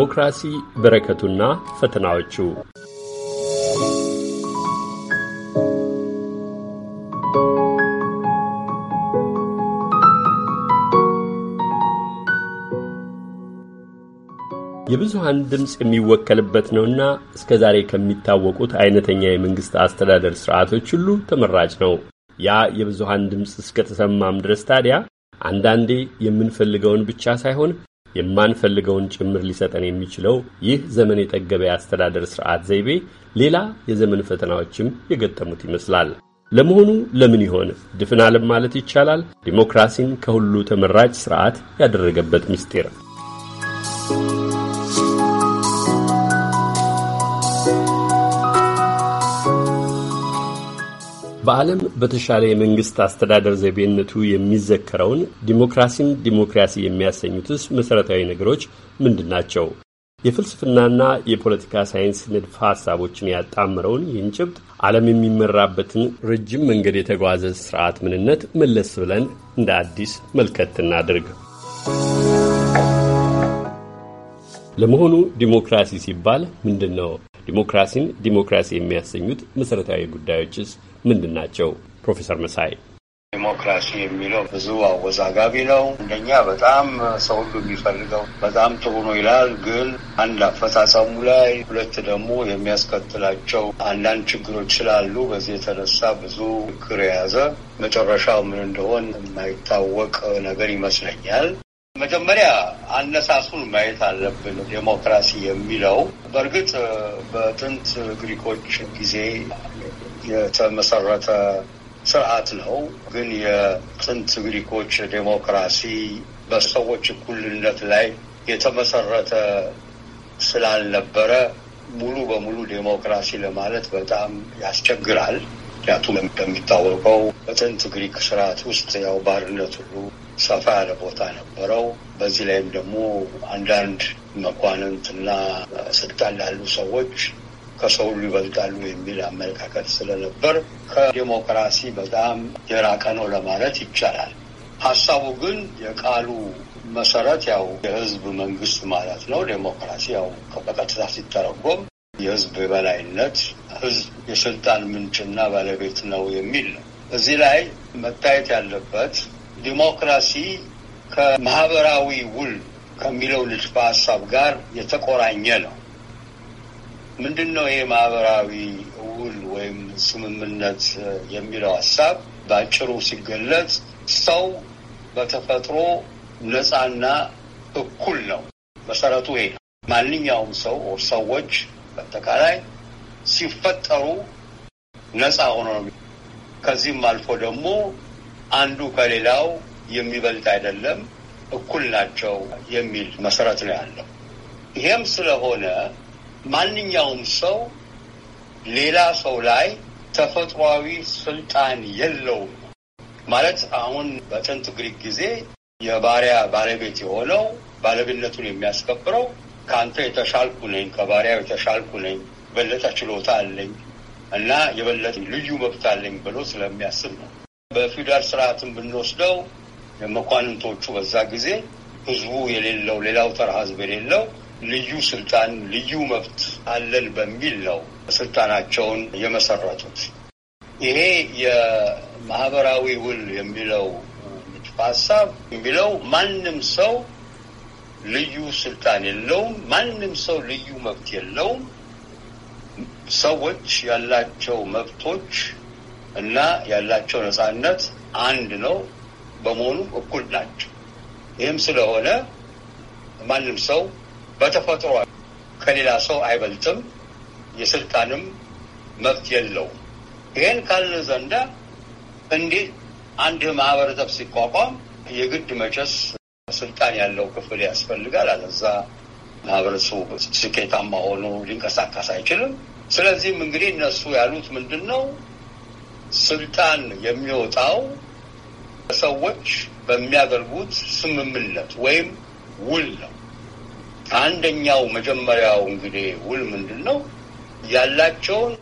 ዲሞክራሲ በረከቱና ፈተናዎቹ የብዙሃን ድምፅ የሚወከልበት ነውና እስከ ዛሬ ከሚታወቁት አይነተኛ የመንግሥት አስተዳደር ስርዓቶች ሁሉ ተመራጭ ነው። ያ የብዙሃን ድምፅ እስከተሰማም ድረስ ታዲያ አንዳንዴ የምንፈልገውን ብቻ ሳይሆን የማንፈልገውን ጭምር ሊሰጠን የሚችለው ይህ ዘመን የጠገበ የአስተዳደር ስርዓት ዘይቤ ሌላ የዘመን ፈተናዎችም የገጠሙት ይመስላል። ለመሆኑ ለምን ይሆን ድፍን ዓለም ማለት ይቻላል ዲሞክራሲን ከሁሉ ተመራጭ ስርዓት ያደረገበት ምስጢር? በዓለም በተሻለ የመንግስት አስተዳደር ዘይቤነቱ የሚዘከረውን ዲሞክራሲን ዲሞክራሲ የሚያሰኙትስ መሠረታዊ ነገሮች ምንድን ናቸው? የፍልስፍናና የፖለቲካ ሳይንስ ንድፈ ሀሳቦችን ያጣምረውን ይህን ጭብጥ ዓለም የሚመራበትን ረጅም መንገድ የተጓዘ ስርዓት ምንነት መለስ ብለን እንደ አዲስ መልከት እናድርግ። ለመሆኑ ዲሞክራሲ ሲባል ምንድን ነው? ዲሞክራሲን ዲሞክራሲ የሚያሰኙት መሰረታዊ ጉዳዮችስ ምንድን ናቸው? ፕሮፌሰር መሳይ ዲሞክራሲ የሚለው ብዙ አወዛጋቢ ነው። እንደኛ በጣም ሰው ሁሉ የሚፈልገው በጣም ጥሩ ነው ይላል፣ ግን አንድ አፈጻጸሙ ላይ፣ ሁለት ደግሞ የሚያስከትላቸው አንዳንድ ችግሮች ስላሉ በዚህ የተነሳ ብዙ ክር የያዘ መጨረሻው ምን እንደሆን የማይታወቅ ነገር ይመስለኛል። መጀመሪያ አነሳሱን ማየት አለብን። ዴሞክራሲ የሚለው በእርግጥ በጥንት ግሪኮች ጊዜ የተመሰረተ ስርዓት ነው። ግን የጥንት ግሪኮች ዴሞክራሲ በሰዎች እኩልነት ላይ የተመሰረተ ስላልነበረ ሙሉ በሙሉ ዴሞክራሲ ለማለት በጣም ያስቸግራል። ምክንያቱም እንደሚታወቀው በጥንት ግሪክ ስርዓት ውስጥ ያው ባርነት ሁሉ ሰፋ ያለ ቦታ ነበረው። በዚህ ላይም ደግሞ አንዳንድ መኳንንት እና ስልጣን ላሉ ሰዎች ከሰው ሁሉ ይበልጣሉ የሚል አመለካከት ስለነበር ከዴሞክራሲ በጣም የራቀ ነው ለማለት ይቻላል። ሀሳቡ ግን የቃሉ መሰረት ያው የህዝብ መንግስት ማለት ነው። ዴሞክራሲ ያው በቀጥታ ሲተረጎም የህዝብ የበላይነት፣ ህዝብ የስልጣን ምንጭና ባለቤት ነው የሚል ነው። እዚህ ላይ መታየት ያለበት ዲሞክራሲ ከማህበራዊ ውል ከሚለው ንድፈ ሀሳብ ጋር የተቆራኘ ነው። ምንድን ነው ይህ ማህበራዊ ውል ወይም ስምምነት የሚለው ሀሳብ? በአጭሩ ሲገለጽ ሰው በተፈጥሮ ነፃና እኩል ነው። መሰረቱ ይሄ ነው። ማንኛውም ሰው ሰዎች በአጠቃላይ ሲፈጠሩ ነፃ ሆኖ ነው። ከዚህም አልፎ ደግሞ አንዱ ከሌላው የሚበልጥ አይደለም፣ እኩል ናቸው የሚል መሰረት ነው ያለው። ይሄም ስለሆነ ማንኛውም ሰው ሌላ ሰው ላይ ተፈጥሯዊ ስልጣን የለውም ማለት አሁን በጥንት ግሪክ ጊዜ የባሪያ ባለቤት የሆነው ባለቤትነቱን የሚያስከብረው ከአንተ የተሻልኩ ነኝ፣ ከባሪያው የተሻልኩ ነኝ፣ የበለጠ ችሎታ አለኝ እና የበለጠ ልዩ መብት አለኝ ብሎ ስለሚያስብ ነው። በፊውዳል ስርዓትን ብንወስደው መኳንንቶቹ በዛ ጊዜ ህዝቡ የሌለው ሌላው ተራ ህዝብ የሌለው ልዩ ስልጣን ልዩ መብት አለን በሚል ነው ስልጣናቸውን የመሰረቱት። ይሄ የማህበራዊ ውል የሚለው ንድፈ ሀሳብ የሚለው ማንም ሰው ልዩ ስልጣን የለውም፣ ማንም ሰው ልዩ መብት የለውም። ሰዎች ያላቸው መብቶች እና ያላቸው ነጻነት አንድ ነው በመሆኑ እኩል ናቸው። ይህም ስለሆነ ማንም ሰው በተፈጥሮ ከሌላ ሰው አይበልጥም፣ የስልጣንም መብት የለውም። ይህን ካልን ዘንዳ እንዴት አንድ ማህበረሰብ ሲቋቋም የግድ መቼስ ስልጣን ያለው ክፍል ያስፈልጋል። አለዛ ማህበረሰቡ ስኬታማ ሆኖ ሊንቀሳቀስ አይችልም። ስለዚህም እንግዲህ እነሱ ያሉት ምንድን ነው ስልጣን የሚወጣው ሰዎች በሚያደርጉት ስምምነት ወይም ውል ነው። አንደኛው መጀመሪያው እንግዲህ ውል ምንድን ነው? ያላቸውን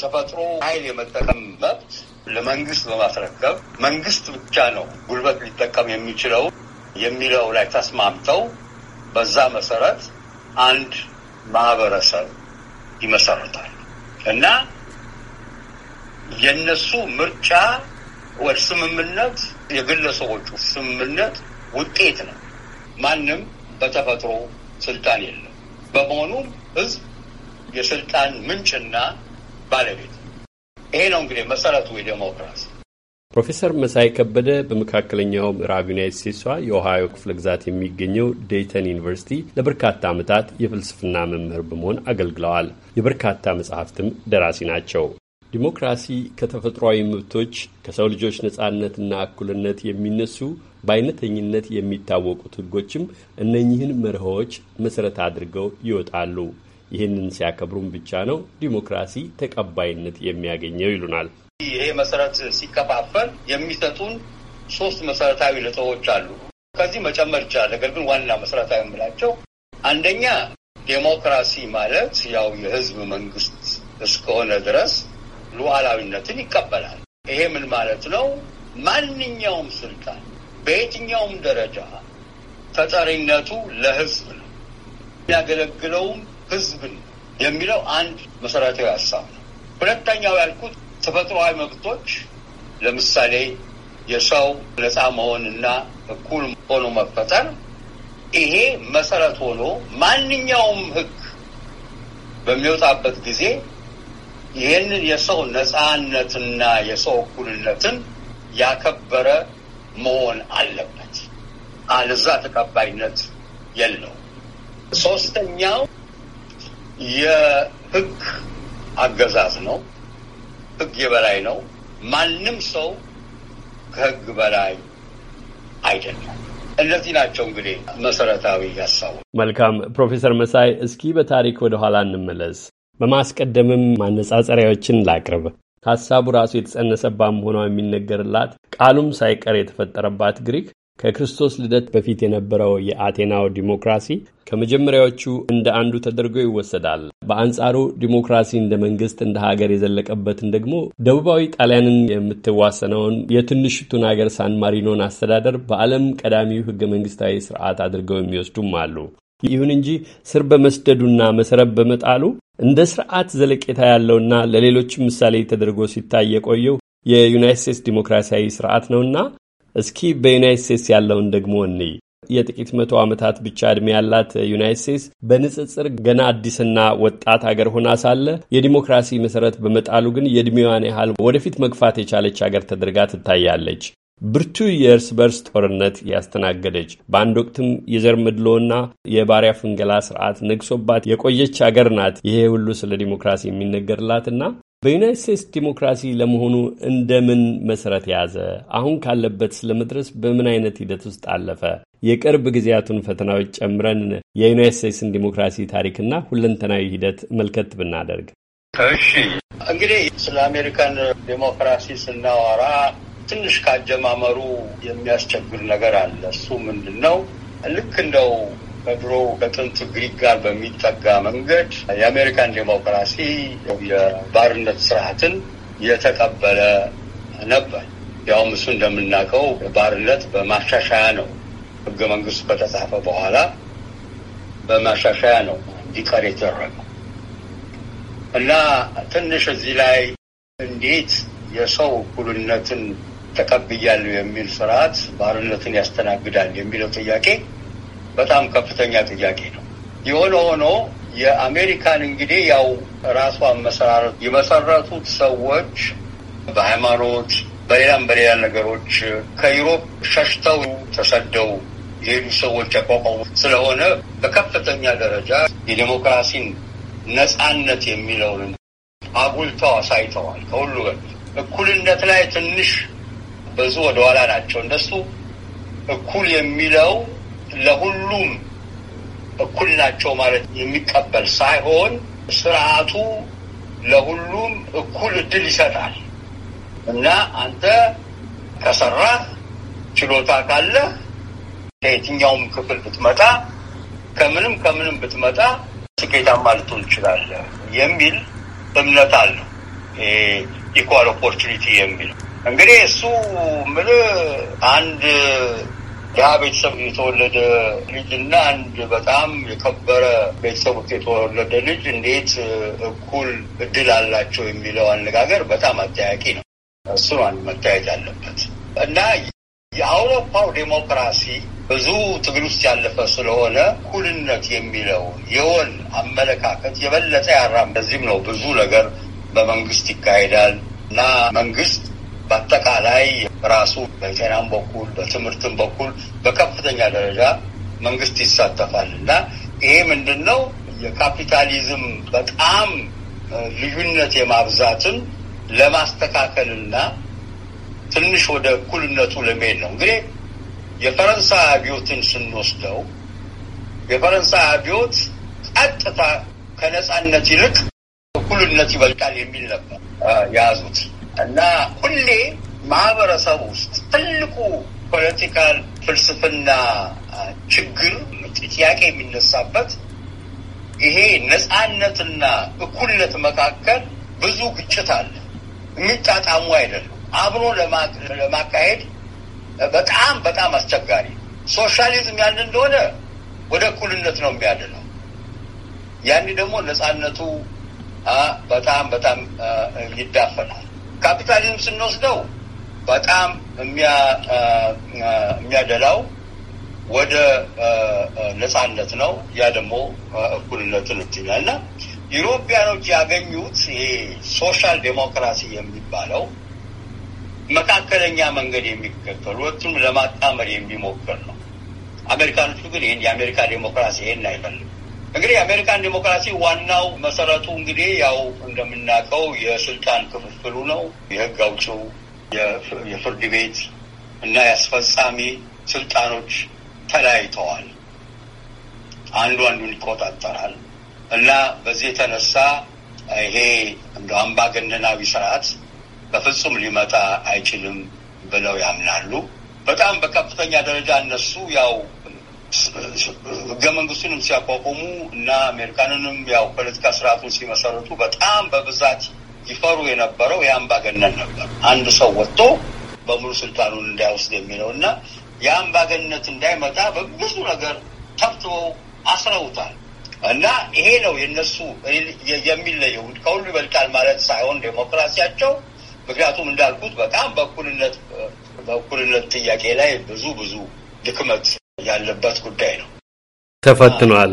ተፈጥሮ ኃይል የመጠቀም መብት ለመንግስት በማስረከብ መንግስት ብቻ ነው ጉልበት ሊጠቀም የሚችለው የሚለው ላይ ተስማምተው በዛ መሰረት አንድ ማህበረሰብ ይመሰረታል እና የነሱ ምርጫ ወይ ስምምነት የግለሰቦቹ ስምምነት ውጤት ነው። ማንም በተፈጥሮ ስልጣን የለም። በመሆኑም ህዝብ የስልጣን ምንጭና ባለቤት ይሄ ነው እንግዲህ መሰረቱ የዴሞክራሲ። ፕሮፌሰር መሳይ ከበደ በመካከለኛው ምዕራብ ዩናይት ስቴትሷ የኦሃዮ ክፍለ ግዛት የሚገኘው ዴይተን ዩኒቨርሲቲ ለበርካታ ዓመታት የፍልስፍና መምህር በመሆን አገልግለዋል። የበርካታ መጽሐፍትም ደራሲ ናቸው። ዲሞክራሲ ከተፈጥሯዊ መብቶች ከሰው ልጆች ነጻነትና እኩልነት የሚነሱ በአይነተኝነት የሚታወቁት ሕጎችም እነኚህን መርሆዎች መሠረት አድርገው ይወጣሉ። ይህንን ሲያከብሩም ብቻ ነው ዲሞክራሲ ተቀባይነት የሚያገኘው ይሉናል። ይሄ መሰረት ሲከፋፈል የሚሰጡን ሶስት መሰረታዊ ነጥቦች አሉ። ከዚህ መጨመር ይቻላል። ነገር ግን ዋና መሰረታዊ የምላቸው አንደኛ ዴሞክራሲ ማለት ያው የህዝብ መንግስት እስከሆነ ድረስ ሉዓላዊነትን ይቀበላል። ይሄ ምን ማለት ነው? ማንኛውም ስልጣን በየትኛውም ደረጃ ተጠሪነቱ ለህዝብ ነው፣ የሚያገለግለውም ህዝብ ነው የሚለው አንድ መሰረታዊ ሀሳብ ነው። ሁለተኛው ያልኩት ተፈጥሯዊ መብቶች ለምሳሌ የሰው ነፃ መሆንና እኩል ሆኖ መፈጠር ይሄ መሰረት ሆኖ ማንኛውም ህግ በሚወጣበት ጊዜ ይህንን የሰው ነፃነትና የሰው እኩልነትን ያከበረ መሆን አለበት። አልዛ ተቀባይነት የለው። ሶስተኛው የህግ አገዛዝ ነው። ህግ የበላይ ነው። ማንም ሰው ከህግ በላይ አይደለም። እነዚህ ናቸው እንግዲህ መሰረታዊ ያሳው። መልካም ፕሮፌሰር መሳይ፣ እስኪ በታሪክ ወደኋላ እንመለስ። በማስቀደምም ማነጻጸሪያዎችን ላቅርብ። ከሐሳቡ ራሱ የተጸነሰባት መሆኗ የሚነገርላት ቃሉም ሳይቀር የተፈጠረባት ግሪክ ከክርስቶስ ልደት በፊት የነበረው የአቴናው ዲሞክራሲ ከመጀመሪያዎቹ እንደ አንዱ ተደርጎ ይወሰዳል። በአንጻሩ ዲሞክራሲ እንደ መንግስት እንደ ሀገር የዘለቀበትን ደግሞ ደቡባዊ ጣሊያንን የምትዋሰነውን የትንሽቱን ሀገር ሳን ማሪኖን አስተዳደር በዓለም ቀዳሚው ህገ መንግስታዊ ስርዓት አድርገው የሚወስዱም አሉ። ይሁን እንጂ ስር በመስደዱና መሰረት በመጣሉ እንደ ስርዓት ዘለቄታ ያለውና ለሌሎችም ምሳሌ ተደርጎ ሲታይ የቆየው የዩናይት ስቴትስ ዲሞክራሲያዊ ስርዓት ነውና እስኪ በዩናይት ስቴትስ ያለውን ደግሞ እንይ። የጥቂት መቶ ዓመታት ብቻ ዕድሜ ያላት ዩናይት ስቴትስ በንጽጽር ገና አዲስና ወጣት አገር ሆና ሳለ የዲሞክራሲ መሰረት በመጣሉ ግን የዕድሜዋን ያህል ወደፊት መግፋት የቻለች አገር ተደርጋ ትታያለች። ብርቱ የእርስ በርስ ጦርነት ያስተናገደች በአንድ ወቅትም የዘር ምድሎና የባሪያ ፍንገላ ስርዓት ነግሶባት የቆየች አገር ናት። ይሄ ሁሉ ስለ ዲሞክራሲ የሚነገርላትና በዩናይት ስቴትስ ዲሞክራሲ ለመሆኑ እንደምን መሰረት የያዘ አሁን ካለበት ስለመድረስ በምን አይነት ሂደት ውስጥ አለፈ? የቅርብ ጊዜያቱን ፈተናዎች ጨምረን የዩናይት ስቴትስን ዲሞክራሲ ታሪክና ሁለንተናዊ ሂደት መልከት ብናደርግ። እሺ እንግዲህ ስለ አሜሪካን ዲሞክራሲ ስናወራ ትንሽ ካጀማመሩ የሚያስቸግር ነገር አለ። እሱ ምንድን ነው? ልክ እንደው ከድሮ ከጥንት ግሪክ ጋር በሚጠጋ መንገድ የአሜሪካን ዴሞክራሲ የባርነት ስርዓትን የተቀበለ ነበር። ያውም እሱ እንደምናውቀው ባርነት በማሻሻያ ነው። ህገ መንግስቱ ከተጻፈ በኋላ በማሻሻያ ነው እንዲቀር የተደረገው እና ትንሽ እዚህ ላይ እንዴት የሰው እኩልነትን ተቀብያለሁ የሚል ስርዓት ባርነትን ያስተናግዳል የሚለው ጥያቄ በጣም ከፍተኛ ጥያቄ ነው። የሆነ ሆኖ የአሜሪካን እንግዲህ ያው ራሷ መሰራረት የመሰረቱት ሰዎች በሃይማኖት በሌላም በሌላ ነገሮች ከዩሮፕ ሸሽተው ተሰደው የሄዱ ሰዎች ያቋቋሙ ስለሆነ በከፍተኛ ደረጃ የዴሞክራሲን ነፃነት የሚለውን አጉልተው አሳይተዋል። ከሁሉ እኩልነት ላይ ትንሽ ብዙ ወደኋላ ናቸው። እነሱ እኩል የሚለው ለሁሉም እኩል ናቸው ማለት የሚቀበል ሳይሆን ስርዓቱ ለሁሉም እኩል እድል ይሰጣል እና አንተ ከሰራ ችሎታ ካለህ ከየትኛውም ክፍል ብትመጣ ከምንም ከምንም ብትመጣ ስኬታማ ልትሆን ትችላለህ የሚል እምነት አለው። ኢኳል ኦፖርቹኒቲ የሚለው እንግዲህ እሱ ምል አንድ ድሀ ቤተሰብ የተወለደ ልጅና አንድ በጣም የከበረ ቤተሰብ ውስጥ የተወለደ ልጅ እንዴት እኩል እድል አላቸው የሚለው አነጋገር በጣም አጠያቂ ነው። እሱ አንድ መታየት አለበት እና የአውሮፓው ዴሞክራሲ ብዙ ትግል ውስጥ ያለፈ ስለሆነ እኩልነት የሚለው የወን አመለካከት የበለጠ ያራም። በዚህም ነው ብዙ ነገር በመንግስት ይካሄዳል እና መንግስት በአጠቃላይ ራሱ በጤናም በኩል በትምህርትም በኩል በከፍተኛ ደረጃ መንግስት ይሳተፋል እና ይሄ ምንድን ነው የካፒታሊዝም በጣም ልዩነት የማብዛትን ለማስተካከልና ትንሽ ወደ እኩልነቱ ለመሄድ ነው። እንግዲህ የፈረንሳይ አብዮትን ስንወስደው የፈረንሳይ አብዮት ቀጥታ ከነጻነት ይልቅ እኩልነት ይበልጣል የሚል ነበር የያዙት። እና ሁሌ ማህበረሰብ ውስጥ ትልቁ ፖለቲካል ፍልስፍና ችግር ጥያቄ የሚነሳበት ይሄ ነፃነትና እኩልነት መካከል ብዙ ግጭት አለ። የሚጣጣሙ አይደለም። አብሮ ለማካሄድ በጣም በጣም አስቸጋሪ። ሶሻሊዝም ያን እንደሆነ ወደ እኩልነት ነው የሚያድነው። ያኔ ደግሞ ነፃነቱ በጣም በጣም ይዳፈናል። ካፒታሊዝም ስንወስደው በጣም የሚያደላው ወደ ነጻነት ነው። ያ ደግሞ እኩልነትን እትኛል እና ዩሮፒያኖች ያገኙት ይሄ ሶሻል ዴሞክራሲ የሚባለው መካከለኛ መንገድ የሚከተሉ ሁለቱም ለማጣመር የሚሞክር ነው። አሜሪካኖቹ ግን ይህን የአሜሪካ ዴሞክራሲ ይሄን አይፈልግም። እንግዲህ የአሜሪካን ዲሞክራሲ ዋናው መሰረቱ እንግዲህ ያው እንደምናውቀው የስልጣን ክፍፍሉ ነው። የህግ አውጪው፣ የፍርድ ቤት እና የአስፈጻሚ ስልጣኖች ተለያይተዋል። አንዱ አንዱን ይቆጣጠራል እና በዚህ የተነሳ ይሄ እንደ አምባገነናዊ ስርዓት በፍጹም ሊመጣ አይችልም ብለው ያምናሉ። በጣም በከፍተኛ ደረጃ እነሱ ያው ህገ መንግስቱንም ሲያቋቁሙ እና አሜሪካንንም ያው ፖለቲካ ስርዓቱን ሲመሰርቱ በጣም በብዛት ይፈሩ የነበረው የአምባገነን ነበር። አንድ ሰው ወጥቶ በሙሉ ስልጣኑን እንዳይወስድ የሚለው እና የአምባገነት እንዳይመጣ በብዙ ነገር ተብትበው አስረውታል። እና ይሄ ነው የነሱ የሚለየው። ከሁሉ ይበልጣል ማለት ሳይሆን ዴሞክራሲያቸው፣ ምክንያቱም እንዳልኩት በጣም በእኩልነት በእኩልነት ጥያቄ ላይ ብዙ ብዙ ድክመት ያለበት ጉዳይ ነው። ተፈትኗል።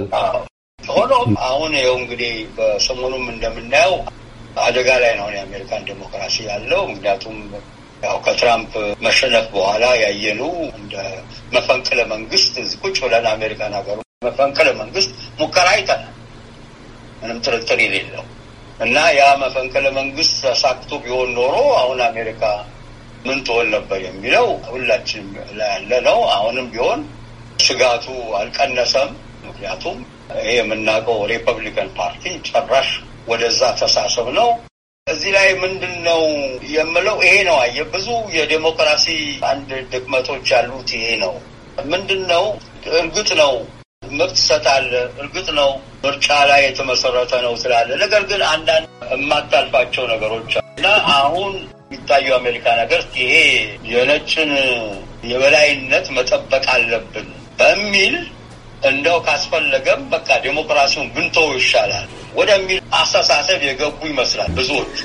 ሆኖም አሁን ይኸው እንግዲህ በሰሞኑም እንደምናየው አደጋ ላይ ነው የአሜሪካን ዴሞክራሲ ያለው። ምክንያቱም ያው ከትራምፕ መሸነፍ በኋላ ያየኑ እንደ መፈንቅለ መንግስት ቁጭ ብለን አሜሪካን ሀገሩ መፈንቅለ መንግስት ሙከራ አይተናል፣ ምንም ጥርጥር የሌለው እና ያ መፈንቅለ መንግስት ተሳክቶ ቢሆን ኖሮ አሁን አሜሪካ ምን ትሆን ነበር የሚለው ሁላችንም ላይ ያለ ነው። አሁንም ቢሆን ስጋቱ አልቀነሰም። ምክንያቱም ይሄ የምናውቀው ሪፐብሊካን ፓርቲ ጭራሽ ወደዛ ተሳሰብ ነው። እዚህ ላይ ምንድን ነው የምለው ይሄ ነው። አየ ብዙ የዴሞክራሲ አንድ ድክመቶች ያሉት ይሄ ነው። ምንድን ነው እርግጥ ነው መብት ትሰጣለ፣ እርግጥ ነው ምርጫ ላይ የተመሰረተ ነው ስላለ፣ ነገር ግን አንዳንድ የማታልፋቸው ነገሮች እና አሁን የሚታየው አሜሪካ ነገር ይሄ የነጭን የበላይነት መጠበቅ አለብን በሚል እንደው ካስፈለገም በቃ ዴሞክራሲውን ብንቶ ይሻላል ወደሚል አስተሳሰብ የገቡ ይመስላል ብዙዎች።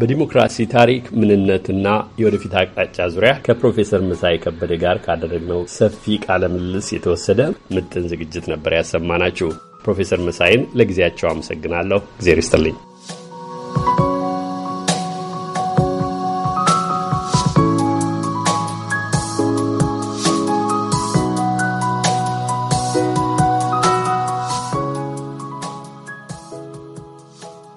በዲሞክራሲ ታሪክ ምንነትና የወደፊት አቅጣጫ ዙሪያ ከፕሮፌሰር መሳይ ከበደ ጋር ካደረግነው ሰፊ ቃለ ምልልስ የተወሰደ ምጥን ዝግጅት ነበር ያሰማናችሁ። ፕሮፌሰር መሳይን ለጊዜያቸው አመሰግናለሁ። እግዜር ይስጥልኝ።